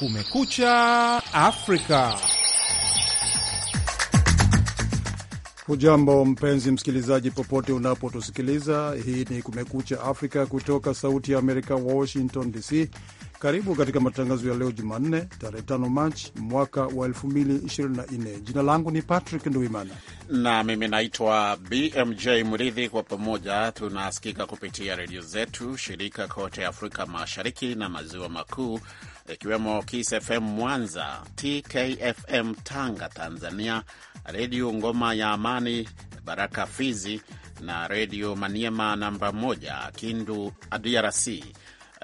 Kumekucha Afrika. Hujambo mpenzi msikilizaji, popote unapotusikiliza. Hii ni Kumekucha Afrika kutoka Sauti ya Amerika, Washington DC. Karibu katika matangazo ya leo Jumanne, tarehe 5 Machi mwaka wa 2024. Jina langu ni Patrick Nduimana na mimi naitwa BMJ Mridhi. Kwa pamoja tunasikika kupitia redio zetu shirika kote Afrika Mashariki na Maziwa Makuu, ikiwemo Kiss FM Mwanza, TKFM Tanga Tanzania, Redio Ngoma ya Amani, Baraka Fizi na Redio Maniema namba moja Kindu DRC,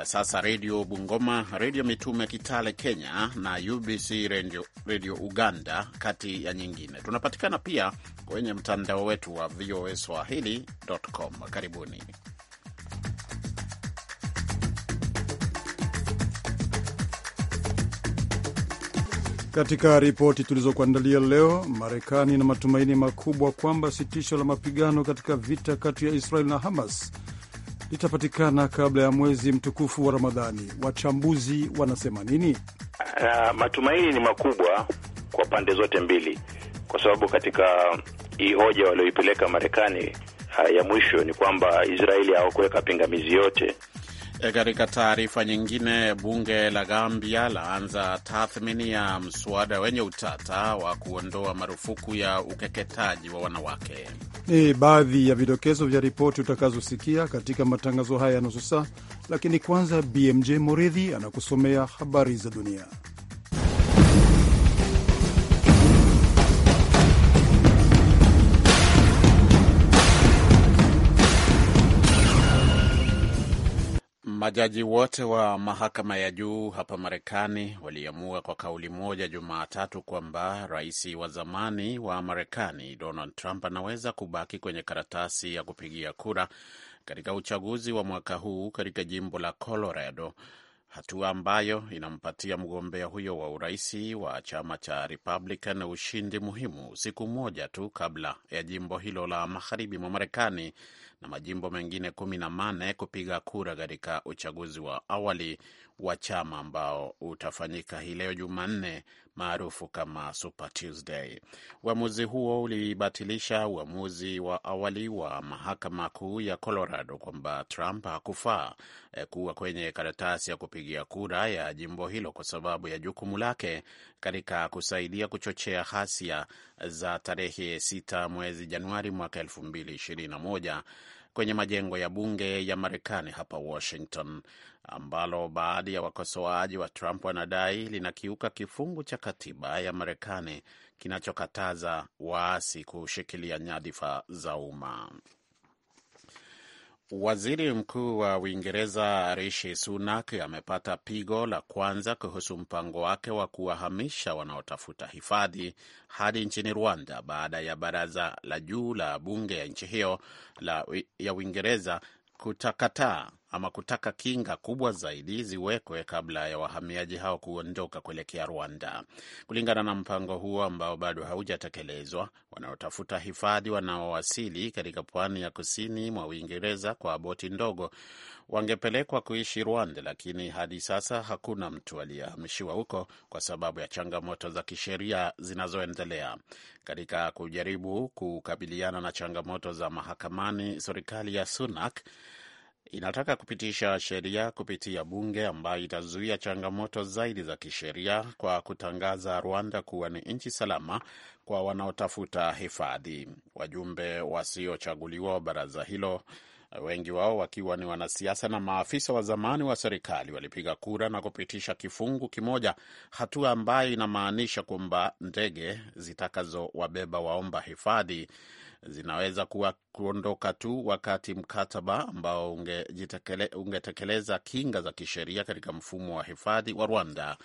sasa Redio Bungoma, Redio Mitume Kitale Kenya na UBC redio Redio Uganda, kati ya nyingine. Tunapatikana pia kwenye mtandao wetu wa VOA Swahili.com. Karibuni. Katika ripoti tulizokuandalia leo, Marekani ina matumaini makubwa kwamba sitisho la mapigano katika vita kati ya Israel na Hamas litapatikana kabla ya mwezi mtukufu wa Ramadhani. Wachambuzi wanasema nini? Uh, matumaini ni makubwa kwa pande zote mbili, kwa sababu katika hii hoja walioipeleka Marekani uh, ya mwisho ni kwamba Israeli hawakuweka pingamizi yote E, katika taarifa nyingine, bunge la Gambia laanza tathmini ya mswada wenye utata wa kuondoa marufuku ya ukeketaji wa wanawake. Ni baadhi ya vidokezo vya ripoti utakazosikia katika matangazo haya ya nusu saa, lakini kwanza, BMJ Moridhi anakusomea habari za dunia. Majaji wote wa mahakama ya juu hapa Marekani waliamua kwa kauli moja Jumatatu kwamba rais wa zamani wa Marekani Donald Trump anaweza kubaki kwenye karatasi ya kupigia kura katika uchaguzi wa mwaka huu katika jimbo la Colorado, hatua ambayo inampatia mgombea huyo wa uraisi wa chama cha Republican ushindi muhimu siku moja tu kabla ya jimbo hilo la magharibi mwa Marekani na majimbo mengine kumi na manne kupiga kura katika uchaguzi wa awali wa chama ambao utafanyika hii leo Jumanne, maarufu kama Super Tuesday. Uamuzi huo ulibatilisha uamuzi wa awali wa mahakama kuu ya Colorado kwamba Trump hakufaa eh, kuwa kwenye karatasi ya kupigia kura ya jimbo hilo kwa sababu ya jukumu lake katika kusaidia kuchochea ghasia za tarehe 6 mwezi Januari mwaka moja kwenye majengo ya bunge ya Marekani hapa Washington, ambalo baadhi ya wakosoaji wa Trump wanadai linakiuka kifungu cha katiba ya Marekani kinachokataza waasi kushikilia nyadhifa za umma. Waziri Mkuu wa Uingereza Rishi Sunak amepata pigo la kwanza kuhusu mpango wake wa kuwahamisha wanaotafuta hifadhi hadi nchini Rwanda baada ya baraza la juu la bunge ya nchi hiyo la, ya Uingereza kutakataa ama kutaka kinga kubwa zaidi ziwekwe kabla ya wahamiaji hao kuondoka kuelekea Rwanda. Kulingana na mpango huo ambao bado haujatekelezwa, wanaotafuta hifadhi wanaowasili katika pwani ya kusini mwa Uingereza kwa boti ndogo wangepelekwa kuishi Rwanda, lakini hadi sasa hakuna mtu aliyehamishiwa huko kwa sababu ya changamoto za kisheria zinazoendelea. Katika kujaribu kukabiliana na changamoto za mahakamani, serikali ya Sunak inataka kupitisha sheria kupitia bunge ambayo itazuia changamoto zaidi za kisheria kwa kutangaza Rwanda kuwa ni nchi salama kwa wanaotafuta hifadhi. Wajumbe wasiochaguliwa wa baraza hilo, wengi wao wakiwa ni wanasiasa na maafisa wa zamani wa serikali, walipiga kura na kupitisha kifungu kimoja, hatua ambayo inamaanisha kwamba ndege zitakazowabeba waomba hifadhi zinaweza kuwa kuondoka tu wakati mkataba ambao ungetekeleza unge kinga za kisheria katika mfumo wa hifadhi wa Rwanda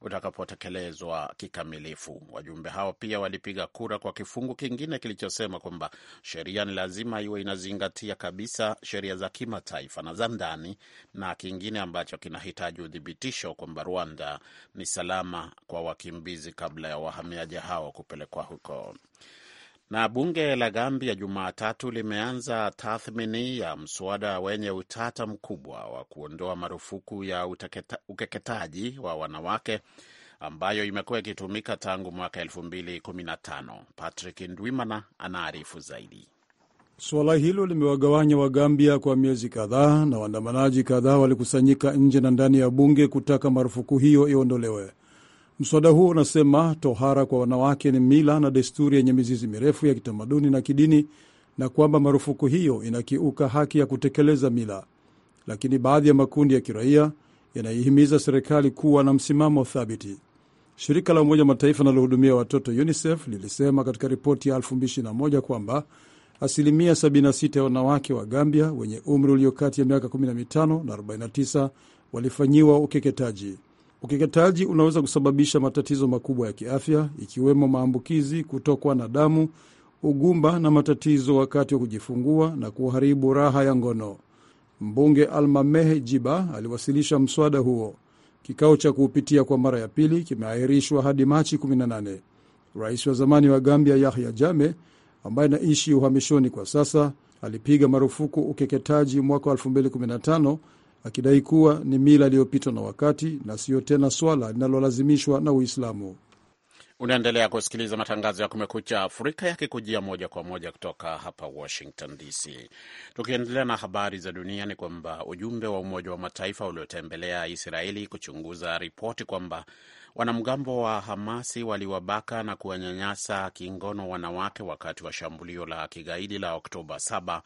utakapotekelezwa kikamilifu. Wajumbe hao pia walipiga kura kwa kifungu kingine kilichosema kwamba sheria ni lazima iwe inazingatia kabisa sheria za kimataifa na za ndani, na kingine ambacho kinahitaji uthibitisho kwamba Rwanda ni salama kwa wakimbizi kabla ya wahamiaji hao kupelekwa huko. Na bunge la Gambia Jumatatu limeanza tathmini ya mswada wenye utata mkubwa wa kuondoa marufuku ya utaketa, ukeketaji wa wanawake ambayo imekuwa ikitumika tangu mwaka 2015. Patrick Ndwimana anaarifu zaidi. Suala hilo limewagawanya Wagambia kwa miezi kadhaa, na waandamanaji kadhaa walikusanyika nje na ndani ya bunge kutaka marufuku hiyo iondolewe. Mswada huo unasema tohara kwa wanawake ni mila na desturi yenye mizizi mirefu ya kitamaduni na kidini, na kwamba marufuku hiyo inakiuka haki ya kutekeleza mila. Lakini baadhi ya makundi ya kiraia yanaihimiza serikali kuwa na msimamo thabiti. Shirika la Umoja Mataifa linalohudumia watoto UNICEF lilisema katika ripoti ya 2021 kwamba asilimia 76 ya wanawake wa Gambia wenye umri ulio kati ya miaka 15 na 49 walifanyiwa ukeketaji. Ukeketaji unaweza kusababisha matatizo makubwa ya kiafya ikiwemo maambukizi, kutokwa na damu, ugumba na matatizo wakati wa kujifungua na kuharibu raha ya ngono. Mbunge Almameh Jiba aliwasilisha mswada huo. Kikao cha kuupitia kwa mara ya pili kimeahirishwa hadi Machi 18. Rais wa zamani wa Gambia Yahya jame ambaye anaishi uhamishoni kwa sasa alipiga marufuku ukeketaji mwaka 2015 akidai kuwa ni mila iliyopitwa na wakati na siyo tena swala linalolazimishwa na Uislamu. Unaendelea kusikiliza matangazo ya Kumekucha Afrika yakikujia moja kwa moja kutoka hapa Washington DC. Tukiendelea na habari za dunia, ni kwamba ujumbe wa Umoja wa Mataifa uliotembelea Israeli kuchunguza ripoti kwamba wanamgambo wa Hamasi waliwabaka na kuwanyanyasa kingono wanawake wakati wa shambulio la kigaidi la Oktoba 7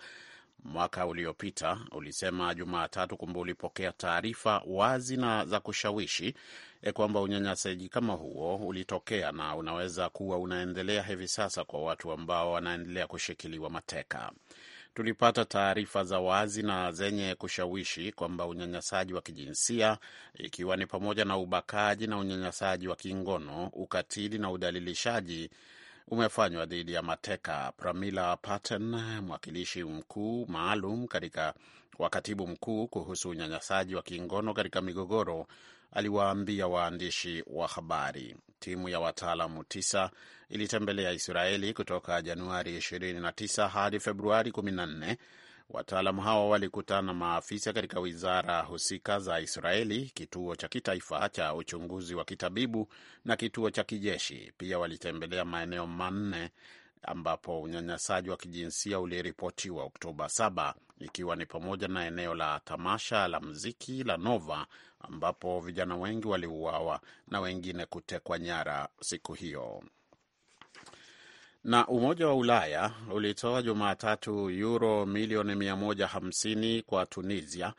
mwaka uliopita ulisema Jumatatu kwamba ulipokea taarifa wazi na za kushawishi e, kwamba unyanyasaji kama huo ulitokea na unaweza kuwa unaendelea hivi sasa kwa watu ambao wanaendelea kushikiliwa mateka. Tulipata taarifa za wazi na zenye kushawishi kwamba unyanyasaji wa kijinsia ikiwa ni pamoja na ubakaji na unyanyasaji wa kingono, ukatili na udhalilishaji umefanywa dhidi ya mateka. Pramila Patten, mwakilishi mkuu maalum katika wa katibu mkuu kuhusu unyanyasaji wa kingono katika migogoro, aliwaambia waandishi wa habari. Timu ya wataalamu tisa ilitembelea Israeli kutoka Januari 29 hadi Februari 14 Wataalamu hawa walikutana na maafisa katika wizara husika za Israeli, kituo cha kitaifa cha uchunguzi wa kitabibu na kituo cha kijeshi. Pia walitembelea maeneo manne ambapo unyanyasaji wa kijinsia uliripotiwa Oktoba 7 ikiwa ni pamoja na eneo la tamasha la mziki la Nova ambapo vijana wengi waliuawa na wengine kutekwa nyara siku hiyo. Na Umoja wa Ulaya ulitoa Jumatatu yuro milioni 150 kwa Tunisia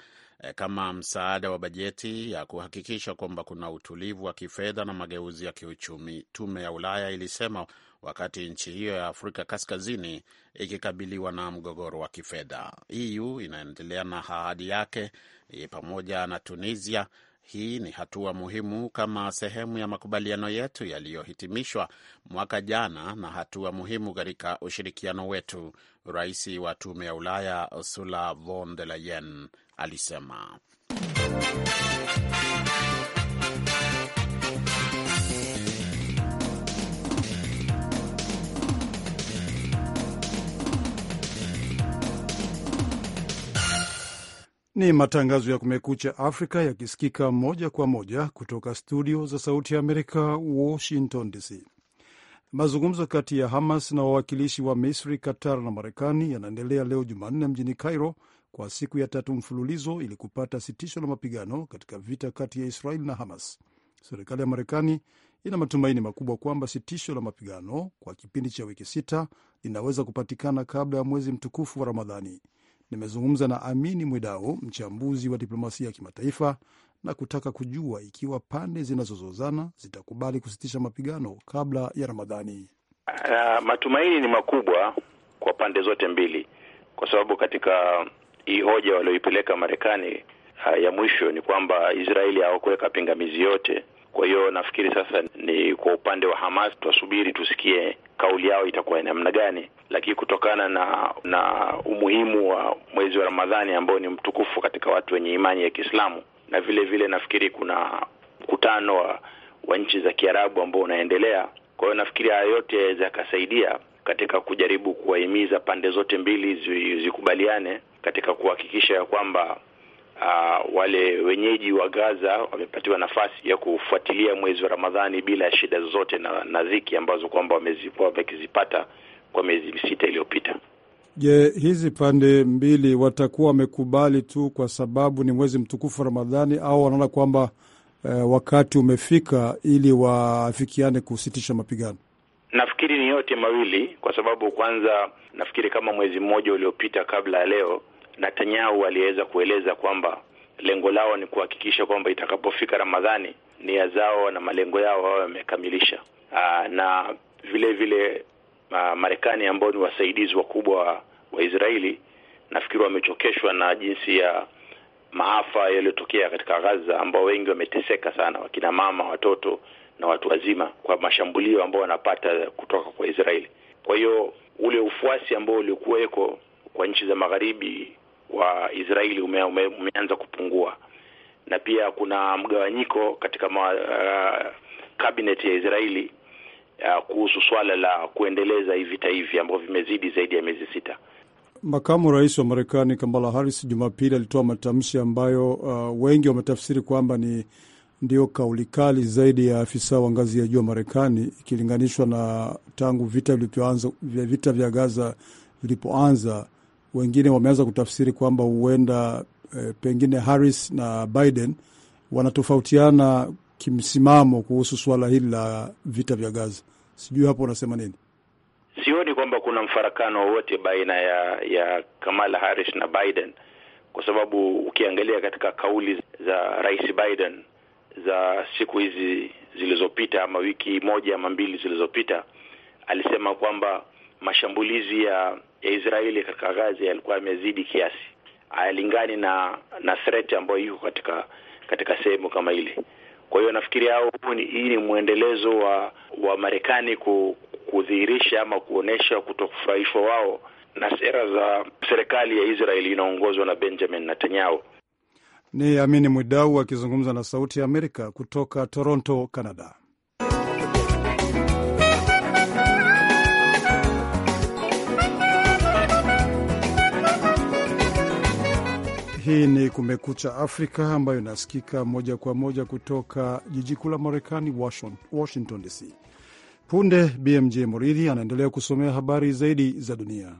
eh, kama msaada wa bajeti ya kuhakikisha kwamba kuna utulivu wa kifedha na mageuzi ya kiuchumi, tume ya Ulaya ilisema, wakati nchi hiyo ya Afrika Kaskazini ikikabiliwa na mgogoro wa kifedha. EU inaendelea na ahadi yake eh, pamoja na Tunisia hii ni hatua muhimu kama sehemu ya makubaliano yetu yaliyohitimishwa mwaka jana na hatua muhimu katika ushirikiano wetu, rais wa tume ya Ulaya Ursula von der Leyen alisema. Ni matangazo ya Kumekucha Afrika yakisikika moja kwa moja kutoka studio za Sauti ya Amerika, Washington DC. Mazungumzo kati ya Hamas na wawakilishi wa Misri, Qatar na Marekani yanaendelea leo Jumanne mjini Cairo kwa siku ya tatu mfululizo ili kupata sitisho la mapigano katika vita kati ya Israel na Hamas. Serikali ya Marekani ina matumaini makubwa kwamba sitisho la mapigano kwa kipindi cha wiki sita linaweza kupatikana kabla ya mwezi mtukufu wa Ramadhani. Nimezungumza na Amini Mwidau, mchambuzi wa diplomasia ya kimataifa, na kutaka kujua ikiwa pande zinazozozana zitakubali kusitisha mapigano kabla ya Ramadhani. Uh, matumaini ni makubwa kwa pande zote mbili, kwa sababu katika hii hoja walioipeleka Marekani uh, ya mwisho ni kwamba Israeli hawakuweka pingamizi yote kwa hiyo nafikiri sasa ni kwa upande wa Hamas, tutasubiri tusikie kauli yao itakuwa namna gani, lakini kutokana na na umuhimu wa mwezi wa Ramadhani ambao ni mtukufu katika watu wenye imani ya Kiislamu, na vile vile nafikiri kuna mkutano wa, wa nchi za Kiarabu ambao unaendelea. Kwa hiyo nafikiri haya yote yaweza yakasaidia katika kujaribu kuwahimiza pande zote mbili zikubaliane katika kuhakikisha ya kwamba uh, wale wenyeji wa Gaza wamepatiwa nafasi ya kufuatilia mwezi wa Ramadhani bila shida zozote na, na dhiki ambazo kwamba wamezikuwa wakizipata kwa miezi sita iliyopita. Je, hizi pande mbili watakuwa wamekubali tu kwa sababu ni mwezi mtukufu wa Ramadhani au wanaona kwamba eh, wakati umefika ili waafikiane kusitisha mapigano? Nafikiri ni yote mawili, kwa sababu kwanza, nafikiri kama mwezi mmoja uliopita kabla ya leo Netanyahu aliweza kueleza kwamba lengo lao ni kuhakikisha kwamba itakapofika Ramadhani nia zao na malengo yao wao wamekamilisha, ah, na vile vile ah, Marekani ambao ni wasaidizi wakubwa wa Israeli nafikiri wamechokeshwa na jinsi ya maafa yaliyotokea katika Gaza, ambao wengi wameteseka sana, wakina mama, watoto na watu wazima, kwa mashambulio ambao wanapata kutoka kwa Israeli. Kwa hiyo ule ufuasi ambao ulikuweko kwa nchi za magharibi wa Israeli ume, ume, umeanza kupungua na pia kuna mgawanyiko katika ma, uh, cabinet ya Israeli uh, kuhusu swala la kuendeleza hivi vita hivi ambavyo vimezidi zaidi ya miezi sita. Makamu Rais wa Marekani Kamala Harris Jumapili alitoa matamshi ambayo uh, wengi wametafsiri kwamba ni ndio kauli kali zaidi ya afisa wa ngazi ya juu wa Marekani ikilinganishwa na tangu vita vya vita vya Gaza vilipoanza wengine wameanza kutafsiri kwamba huenda eh, pengine Harris na Biden wanatofautiana kimsimamo kuhusu suala hili la vita vya Gaza. Sijui hapo unasema nini? Sioni kwamba kuna mfarakano wowote baina ya ya Kamala Harris na Biden, kwa sababu ukiangalia katika kauli za Rais Biden za siku hizi zilizopita, ama wiki moja ama mbili zilizopita, alisema kwamba mashambulizi ya ya Israeli katika Gaza yalikuwa yamezidi kiasi, hayalingani na na threat ambayo iko katika katika sehemu kama ile. Kwa hiyo nafikiri hao, hii ni mwendelezo wa wa Marekani kudhihirisha ama kuonesha kutokufurahishwa wao na sera za serikali ya Israeli inaongozwa na Benjamin Netanyahu. Ni Amini Mwidau akizungumza na Sauti ya Amerika kutoka Toronto, Canada. Hii ni Kumekucha Afrika ambayo inasikika moja kwa moja kutoka jiji kuu la Marekani, Washington DC. Punde BMJ moridhi anaendelea kusomea habari zaidi za dunia.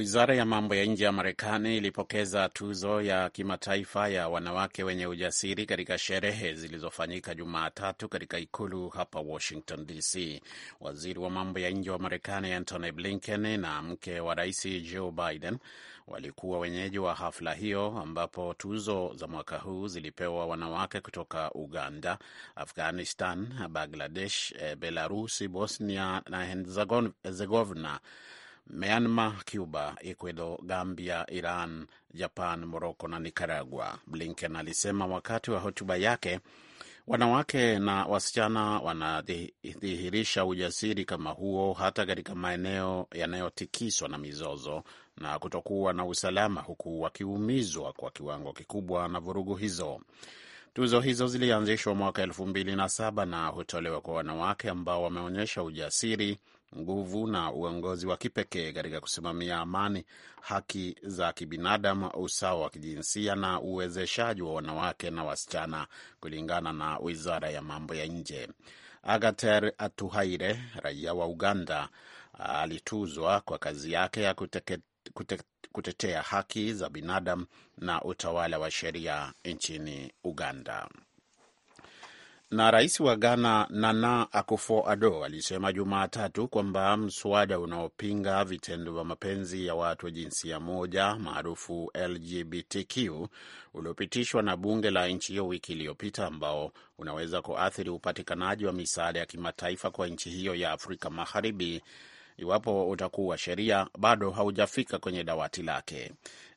Wizara ya mambo ya nje ya Marekani ilipokeza tuzo ya kimataifa ya wanawake wenye ujasiri katika sherehe zilizofanyika Jumatatu katika ikulu hapa Washington DC. Waziri wa mambo ya nje wa Marekani Antony Blinken na mke wa rais Joe Biden walikuwa wenyeji wa hafla hiyo, ambapo tuzo za mwaka huu zilipewa wanawake kutoka Uganda, Afghanistan, Bangladesh, eh, Belarusi, Bosnia na Herzegovina Myanmar, Cuba, Ecuador, Gambia, Iran, Japan, Moroko na Nicaragua. Blinken alisema wakati wa hotuba yake, wanawake na wasichana wanadhihirisha ujasiri kama huo hata katika maeneo yanayotikiswa na mizozo na kutokuwa na usalama, huku wakiumizwa kwa kiwango kikubwa na vurugu hizo. Tuzo hizo zilianzishwa mwaka elfu mbili na saba na hutolewa kwa wanawake ambao wameonyesha ujasiri nguvu na uongozi wa kipekee katika kusimamia amani, haki za kibinadamu, usawa wa kijinsia na uwezeshaji wa wanawake na wasichana, kulingana na wizara ya mambo ya nje. Agater Atuhaire, raia wa Uganda, alituzwa kwa kazi yake ya kuteke, kute, kutetea haki za binadamu na utawala wa sheria nchini Uganda. Na rais wa Ghana Nana akufo ado alisema Jumatatu kwamba mswada unaopinga vitendo vya mapenzi ya watu wa jinsia moja maarufu LGBTQ uliopitishwa na bunge la nchi hiyo wiki iliyopita, ambao unaweza kuathiri upatikanaji wa misaada ya kimataifa kwa nchi hiyo ya Afrika Magharibi iwapo utakuwa sheria, bado haujafika kwenye dawati lake.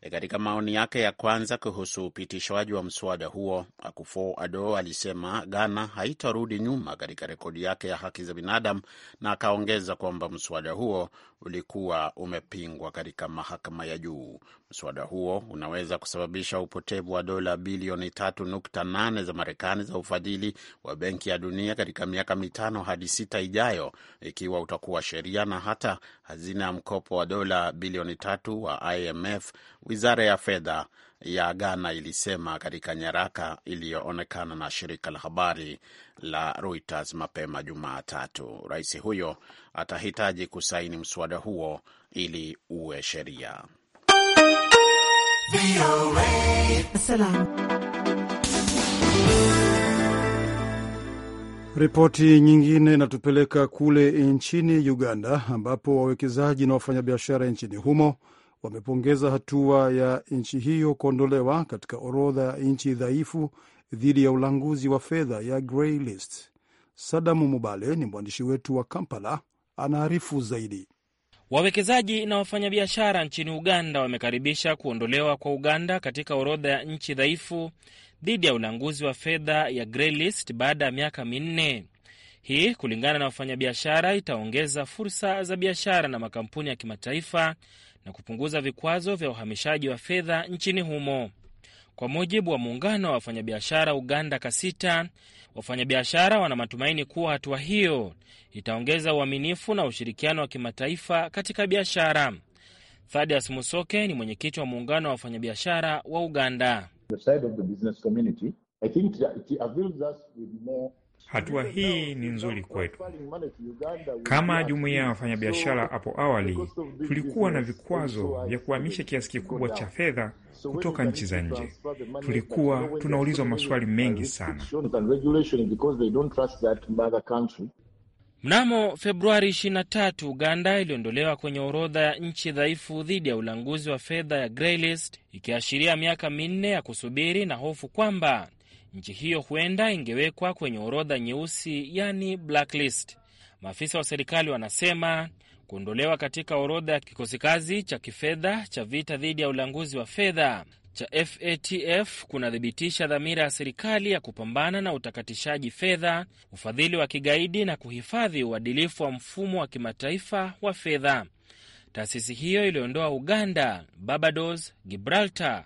E, katika maoni yake ya kwanza kuhusu upitishwaji wa mswada huo, Akufo Addo alisema Ghana haitarudi nyuma katika rekodi yake ya haki za binadamu, na akaongeza kwamba mswada huo ulikuwa umepingwa katika mahakama ya juu. Mswada huo unaweza kusababisha upotevu wa dola bilioni 3.8 za Marekani za ufadhili wa Benki ya Dunia katika miaka mitano hadi sita ijayo, ikiwa utakuwa sheria, na hata hazina ya mkopo wa dola bilioni tatu wa IMF Wizara ya fedha ya Ghana ilisema katika nyaraka iliyoonekana na shirika la habari la Reuters mapema Jumatatu. Rais huyo atahitaji kusaini mswada huo ili uwe sheria. Ripoti nyingine inatupeleka kule nchini Uganda, ambapo wawekezaji na wafanyabiashara nchini humo wamepongeza hatua ya nchi hiyo kuondolewa katika orodha ya nchi dhaifu dhidi ya ulanguzi wa fedha ya grey list. Sadamu Mubale ni mwandishi wetu wa Kampala, anaarifu zaidi. Wawekezaji na wafanyabiashara nchini Uganda wamekaribisha kuondolewa kwa Uganda katika orodha ya nchi dhaifu dhidi ya ulanguzi wa fedha ya grey list baada ya miaka minne. Hii kulingana na wafanyabiashara itaongeza fursa za biashara na makampuni ya kimataifa na kupunguza vikwazo vya uhamishaji wa fedha nchini humo. Kwa mujibu wa muungano wa wafanyabiashara Uganda Kasita, wafanyabiashara wana matumaini kuwa hatua hiyo itaongeza uaminifu na ushirikiano wa kimataifa katika biashara. Thadias Musoke ni mwenyekiti wa muungano wa wafanyabiashara wa Uganda. The side of the Hatua hii ni nzuri kwetu. Kama jumuiya ya wafanyabiashara, hapo awali tulikuwa na vikwazo vya kuhamisha kiasi kikubwa cha fedha kutoka nchi za nje. Tulikuwa tunaulizwa maswali mengi sana. Mnamo Februari 23 Uganda iliondolewa kwenye orodha ya nchi dhaifu dhidi ya ulanguzi wa fedha ya grey list, ikiashiria miaka minne ya kusubiri na hofu kwamba nchi hiyo huenda ingewekwa kwenye orodha nyeusi, yani blacklist. Maafisa wa serikali wanasema kuondolewa katika orodha ya kikosi kazi cha kifedha cha vita dhidi ya ulanguzi wa fedha cha FATF kunathibitisha dhamira ya serikali ya kupambana na utakatishaji fedha, ufadhili wa kigaidi na kuhifadhi uadilifu wa mfumo wa kimataifa wa fedha. Taasisi hiyo iliondoa Uganda, Barbados, Gibraltar,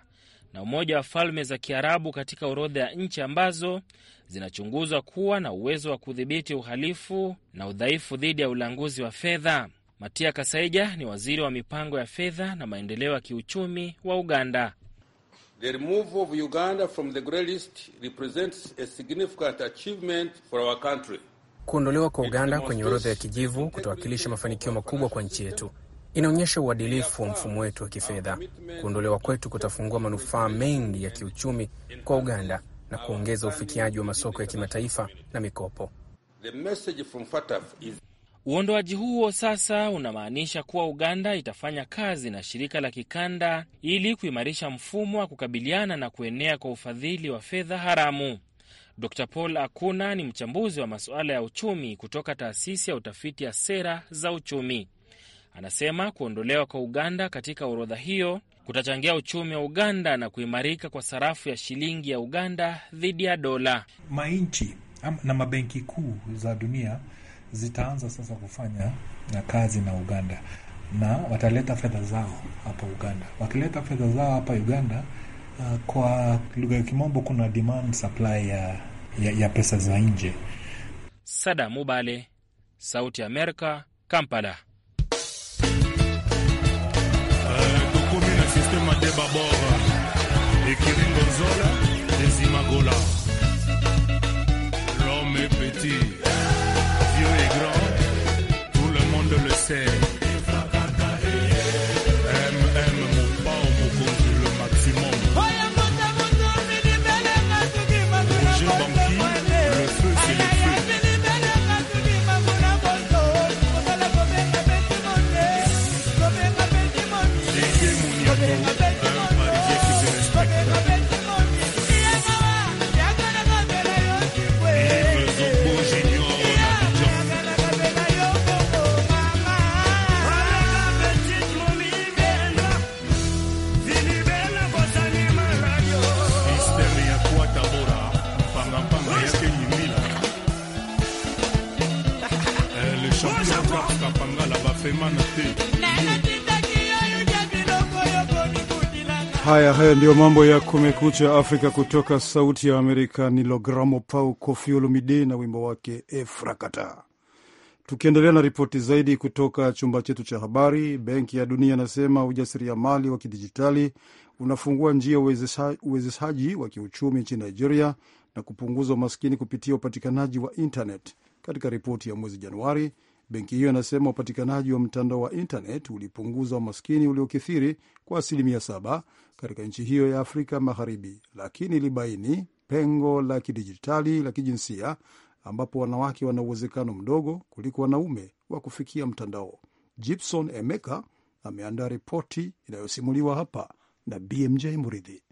na Umoja wa Falme za Kiarabu katika orodha ya nchi ambazo zinachunguzwa kuwa na uwezo wa kudhibiti uhalifu na udhaifu dhidi ya ulanguzi wa fedha. Matia Kasaija ni waziri wa mipango ya fedha na maendeleo ya kiuchumi wa Uganda. The removal of Uganda from the grey list represents a significant achievement for our country. Kuondolewa kwa Uganda kwenye orodha ya kijivu kutawakilisha mafanikio makubwa kwa nchi yetu. Inaonyesha uadilifu wa mfumo wetu wa kifedha. Kuondolewa kwetu kutafungua manufaa mengi ya kiuchumi kwa Uganda na kuongeza ufikiaji wa masoko ya kimataifa na mikopo. Uondoaji huo sasa unamaanisha kuwa Uganda itafanya kazi na shirika la kikanda ili kuimarisha mfumo wa kukabiliana na kuenea kwa ufadhili wa fedha haramu. Dr Paul Akuna ni mchambuzi wa masuala ya uchumi kutoka taasisi ya utafiti ya sera za uchumi. Anasema kuondolewa kwa Uganda katika orodha hiyo kutachangia uchumi wa Uganda na kuimarika kwa sarafu ya shilingi ya Uganda dhidi ya dola. Mainchi na mabenki kuu za dunia zitaanza sasa kufanya na kazi na Uganda na wataleta fedha zao hapa Uganda. Wakileta fedha zao hapa Uganda, uh, kwa lugha ya Kimombo kuna demand supply ya, ya, ya pesa za nje. Sada Mubale, Sauti ya Amerika, Kampala. Des Babor et Kirin Gonzola des Imagolas L'homme est petit, Dieu est grand, tout le monde le sait. Haya, haya ndiyo mambo ya Kumekucha Afrika kutoka Sauti ya Amerika. Ni Logramo Pau Koffi Olomide na wimbo wake Efrakata. Tukiendelea na ripoti zaidi kutoka chumba chetu cha habari, Benki ya Dunia inasema ujasiriamali wa kidijitali unafungua njia uwezeshaji wa kiuchumi nchini Nigeria na kupunguza umaskini kupitia upatikanaji wa internet. Katika ripoti ya mwezi Januari, Benki hiyo inasema upatikanaji wa mtandao wa intanet ulipunguza umaskini uliokithiri kwa asilimia saba katika nchi hiyo ya Afrika Magharibi, lakini ilibaini pengo la kidijitali la kijinsia ambapo wanawake wana uwezekano mdogo kuliko wanaume wa kufikia mtandao. Gibson Emeka ameandaa ripoti inayosimuliwa hapa na BMJ Muridhi.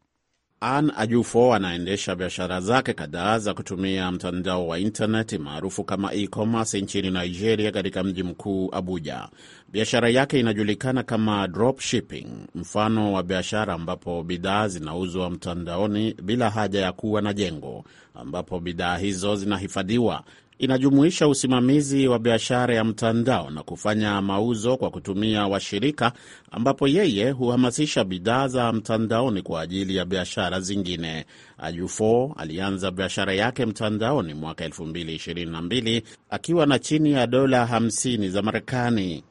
Ann Ajufo anaendesha biashara zake kadhaa za kutumia mtandao wa intaneti maarufu kama e-commerce nchini Nigeria, katika mji mkuu Abuja. Biashara yake inajulikana kama drop shipping, mfano wa biashara ambapo bidhaa zinauzwa mtandaoni bila haja ya kuwa na jengo ambapo bidhaa hizo zinahifadhiwa inajumuisha usimamizi wa biashara ya mtandao na kufanya mauzo kwa kutumia washirika, ambapo yeye huhamasisha bidhaa za mtandaoni kwa ajili ya biashara zingine. Ajufo alianza biashara yake mtandaoni mwaka 2022 akiwa na chini ya dola 50 za Marekani.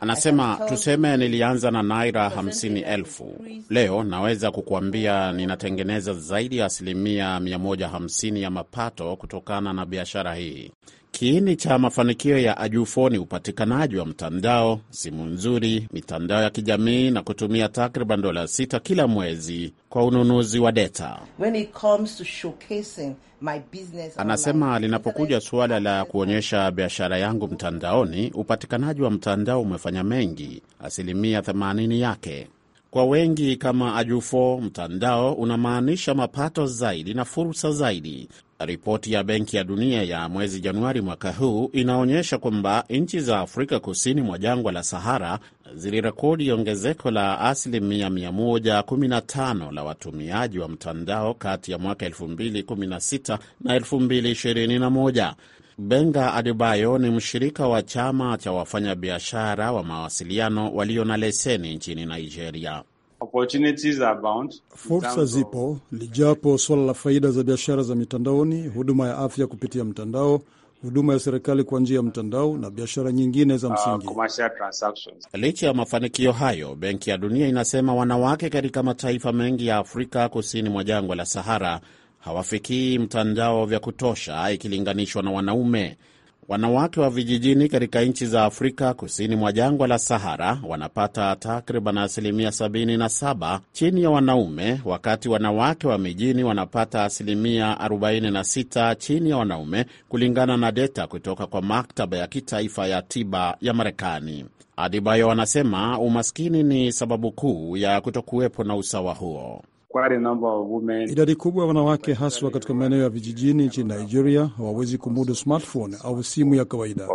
Anasema tuseme nilianza na naira hamsini elfu. Leo naweza kukuambia ninatengeneza zaidi ya asilimia 150 ya mapato kutokana na biashara hii. Kiini cha mafanikio ya AJUFO ni upatikanaji wa mtandao, simu nzuri, mitandao ya kijamii na kutumia takriban dola 6 kila mwezi kwa ununuzi wa deta. Anasema linapokuja suala la kuonyesha biashara yangu mtandaoni, upatikanaji wa mtandao umefanya mengi, asilimia 80 yake. Kwa wengi kama AJUFO, mtandao unamaanisha mapato zaidi na fursa zaidi, Ripoti ya Benki ya Dunia ya mwezi Januari mwaka huu inaonyesha kwamba nchi za Afrika kusini mwa jangwa la Sahara zilirekodi ongezeko la asilimia 115 la watumiaji wa mtandao kati ya mwaka 2016 na 2021. Benga Adebayo ni mshirika wa chama cha wafanyabiashara wa mawasiliano walio na leseni nchini Nigeria. Opportunities are bound. Fursa zipo, lijapo suala la faida za biashara za mitandaoni, huduma ya afya kupitia mtandao, huduma ya serikali kwa njia ya mtandao na biashara nyingine za uh, msingi. Uh, licha ya mafanikio hayo, Benki ya Dunia inasema wanawake katika mataifa mengi ya Afrika kusini mwa jangwa la Sahara hawafikii mtandao vya kutosha ikilinganishwa na wanaume. Wanawake wa vijijini katika nchi za Afrika kusini mwa jangwa la Sahara wanapata takriban asilimia 77 chini ya wanaume, wakati wanawake wa mijini wanapata asilimia 46 chini ya wanaume, kulingana na deta kutoka kwa maktaba ya kitaifa ya tiba ya Marekani. Adibayo wanasema umaskini ni sababu kuu ya kutokuwepo na usawa huo. Idadi kubwa ya wanawake haswa katika maeneo ya vijijini nchini Nigeria hawawezi kumudu smartphone au simu ya kawaida.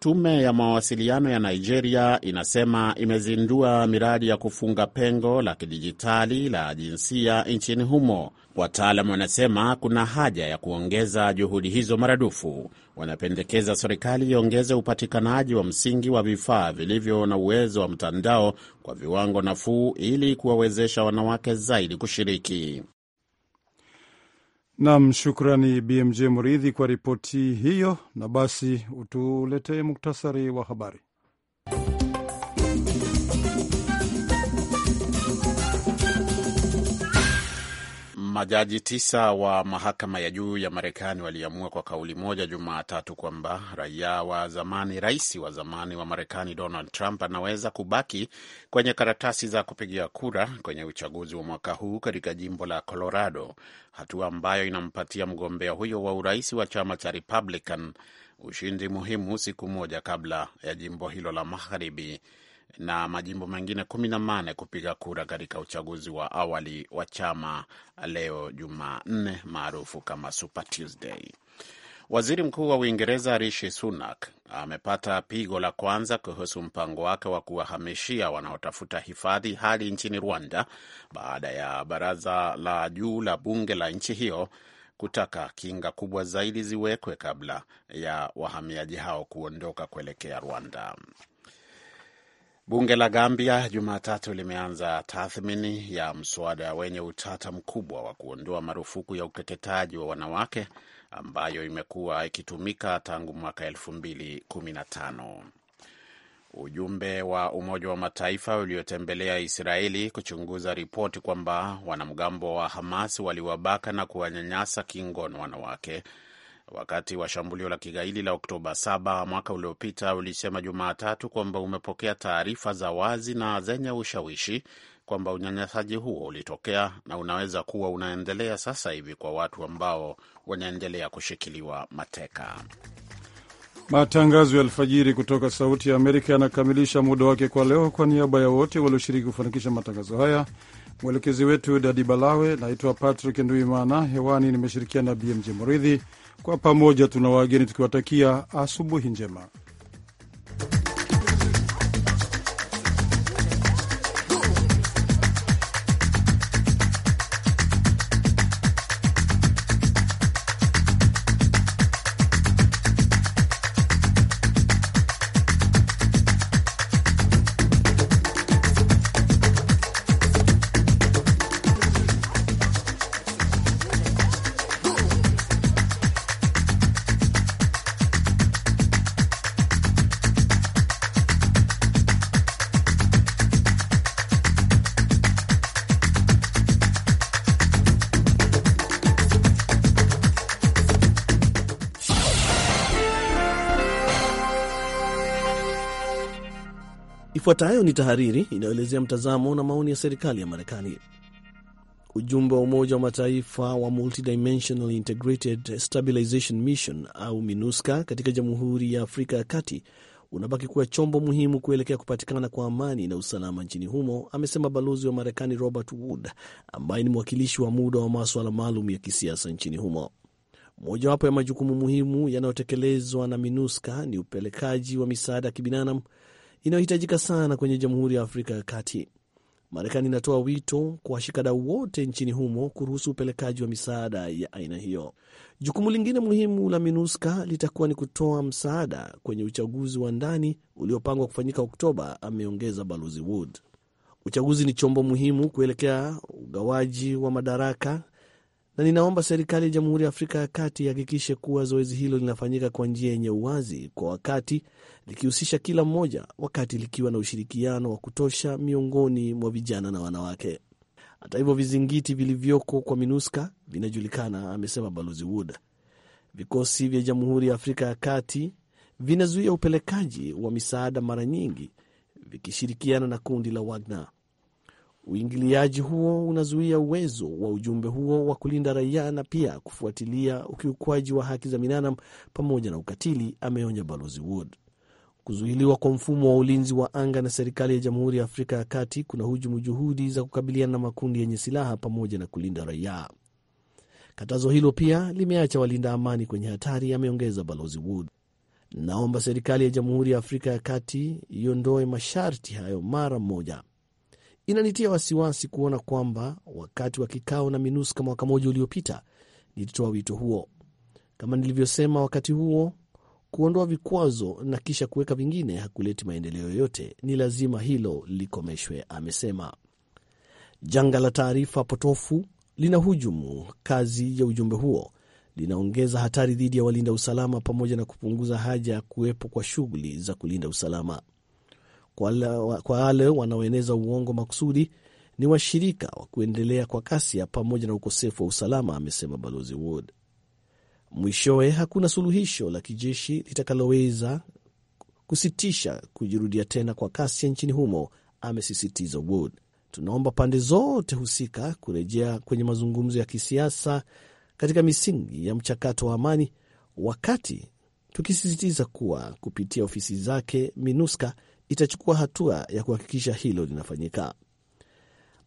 Tume ya mawasiliano ya Nigeria inasema imezindua miradi ya kufunga pengo la kidijitali la jinsia nchini humo. Wataalamu wanasema kuna haja ya kuongeza juhudi hizo maradufu wanapendekeza serikali iongeze upatikanaji wa msingi wa vifaa vilivyo na uwezo wa mtandao kwa viwango nafuu ili kuwawezesha wanawake zaidi kushiriki. Nam, shukrani BMJ Muridhi kwa ripoti hiyo, na basi utuletee muktasari wa habari. Majaji tisa wa mahakama ya juu ya Marekani waliamua kwa kauli moja Jumatatu kwamba raia wa zamani, rais wa zamani wa Marekani Donald Trump anaweza kubaki kwenye karatasi za kupigia kura kwenye uchaguzi wa mwaka huu katika jimbo la Colorado, hatua ambayo inampatia mgombea huyo wa urais wa chama cha Republican ushindi muhimu siku moja kabla ya jimbo hilo la magharibi na majimbo mengine kumi na mane kupiga kura katika uchaguzi wa awali wa chama leo Jumanne, maarufu kama Super Tuesday. Waziri Mkuu wa Uingereza Rishi Sunak amepata pigo la kwanza kuhusu mpango wake wa kuwahamishia wanaotafuta hifadhi hadi nchini Rwanda baada ya baraza la juu la bunge la nchi hiyo kutaka kinga kubwa zaidi ziwekwe kabla ya wahamiaji hao kuondoka kuelekea Rwanda. Bunge la Gambia Jumatatu limeanza tathmini ya mswada wenye utata mkubwa wa kuondoa marufuku ya ukeketaji wa wanawake ambayo imekuwa ikitumika tangu mwaka 2015. Ujumbe wa Umoja wa Mataifa uliotembelea Israeli kuchunguza ripoti kwamba wanamgambo wa Hamas waliwabaka na kuwanyanyasa kingono wanawake wakati wa shambulio la kigaidi la Oktoba 7 mwaka uliopita ulisema Jumatatu kwamba umepokea taarifa za wazi na zenye ushawishi kwamba unyanyasaji huo ulitokea na unaweza kuwa unaendelea sasa hivi kwa watu ambao wanaendelea kushikiliwa mateka. Matangazo ya alfajiri kutoka Sauti ya Amerika yanakamilisha muda wake kwa leo. Kwa niaba ya wote walioshiriki kufanikisha matangazo haya, mwelekezi wetu Dadi Balawe, naitwa Patrick Nduimana, hewani nimeshirikiana na BMJ Muridhi. Kwa pamoja tuna wageni tukiwatakia asubuhi njema. Ifuatayo ni tahariri inayoelezea mtazamo na maoni ya serikali ya Marekani. Ujumbe wa Umoja wa Mataifa wa Multidimensional Integrated Stabilization Mission au MINUSCA katika Jamhuri ya Afrika ya Kati unabaki kuwa chombo muhimu kuelekea kupatikana kwa amani na usalama nchini humo, amesema balozi wa Marekani Robert Wood ambaye ni mwakilishi wa muda wa maswala maalum ya kisiasa nchini humo. Mojawapo ya majukumu muhimu yanayotekelezwa na MINUSCA ni upelekaji wa misaada ya kibinadamu inayohitajika sana kwenye Jamhuri ya Afrika ya Kati. Marekani inatoa wito kwa washikadau wote nchini humo kuruhusu upelekaji wa misaada ya aina hiyo. Jukumu lingine muhimu la MINUSCA litakuwa ni kutoa msaada kwenye uchaguzi wa ndani uliopangwa kufanyika Oktoba, ameongeza Balozi Wood. Uchaguzi ni chombo muhimu kuelekea ugawaji wa madaraka na ninaomba serikali ya Jamhuri ya Afrika ya Kati ihakikishe kuwa zoezi hilo linafanyika kwa njia yenye uwazi, kwa wakati, likihusisha kila mmoja, wakati likiwa na ushirikiano wa kutosha miongoni mwa vijana na wanawake. Hata hivyo, vizingiti vilivyoko kwa minuska vinajulikana, amesema Balozi Wood. Vikosi vya Jamhuri ya Afrika ya Kati vinazuia upelekaji wa misaada, mara nyingi vikishirikiana na kundi la Wagner. Uingiliaji huo unazuia uwezo wa ujumbe huo wa kulinda raia na pia kufuatilia ukiukwaji wa haki za binadamu pamoja na ukatili, ameonya Balozi Wood. Kuzuiliwa kwa mfumo wa ulinzi wa anga na serikali ya Jamhuri ya Afrika ya Kati kuna hujumu juhudi za kukabiliana na makundi yenye silaha pamoja na kulinda raia. Katazo hilo pia limeacha walinda amani kwenye hatari, ameongeza Balozi Wood. Naomba serikali ya Jamhuri ya Afrika ya Kati iondoe masharti hayo mara moja, Inanitia wasiwasi kuona kwamba wakati wa kikao na MINUSKA mwaka moja uliopita nilitoa wito huo. Kama nilivyosema wakati huo, kuondoa vikwazo na kisha kuweka vingine hakuleti maendeleo yoyote. Ni lazima hilo likomeshwe, amesema. Janga la taarifa potofu lina hujumu kazi ya ujumbe huo, linaongeza hatari dhidi ya walinda usalama pamoja na kupunguza haja ya kuwepo kwa shughuli za kulinda usalama kwa wale wanaoeneza uongo makusudi ni washirika wa kuendelea kwa kasi pamoja na ukosefu wa usalama, amesema Balozi Wood. Mwishowe, hakuna suluhisho la kijeshi litakaloweza kusitisha kujirudia tena kwa kasi nchini humo, amesisitiza Wood. Tunaomba pande zote husika kurejea kwenye mazungumzo ya kisiasa katika misingi ya mchakato wa amani, wakati tukisisitiza kuwa kupitia ofisi zake MINUSKA itachukua hatua ya kuhakikisha hilo linafanyika.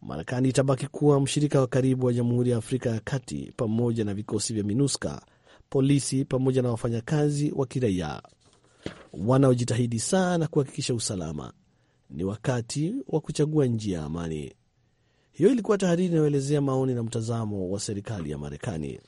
Marekani itabaki kuwa mshirika wa karibu wa Jamhuri ya Afrika ya Kati pamoja na vikosi vya MINUSCA, polisi pamoja na wafanyakazi wa kiraia wanaojitahidi sana kuhakikisha usalama. Ni wakati wa kuchagua njia ya amani. Hiyo ilikuwa tahariri inayoelezea maoni na mtazamo wa serikali ya Marekani.